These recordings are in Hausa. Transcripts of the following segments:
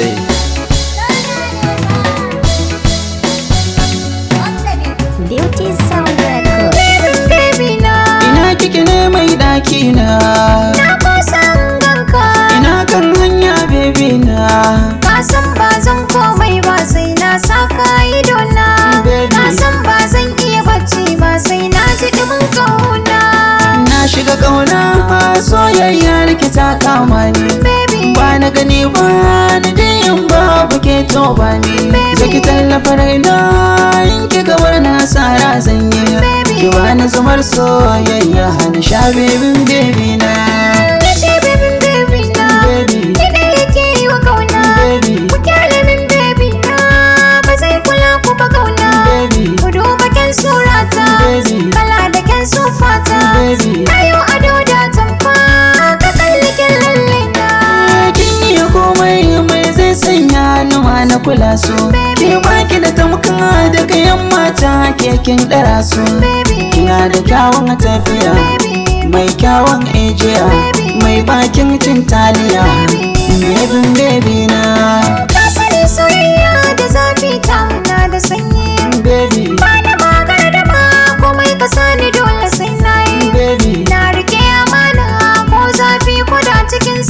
yayi ina kike ne mai daki na na kusan ganka ina kan hanya baby na san ba zan komai ba sai na saka ido na san ba zan iya bacci ba sai na ji dumin kauna na shiga kauna soyayya rikita kama ni ba na gani ba ko bani zaki tallafa raina in ki gabar na sara zanye ki bani zumar soyayya hana sha bebin bebi na na kula su Ki baki da tamka daga yamma ta kekin dara su Kina da kyawun tafiya Mai kyawun ejiya Mai bakin cin taliya Mebin baby na kasali soyayya da zafi ta na da sanyi Baby Ba da magar da komai ka sani dole sai na yi Na rike amana ko zafi ko da cikin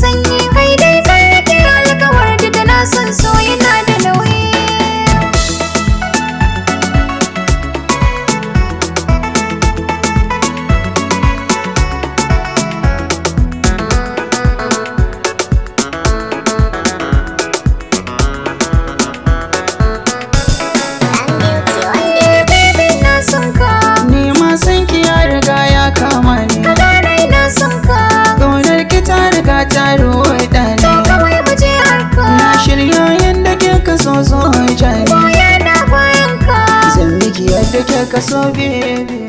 take care of your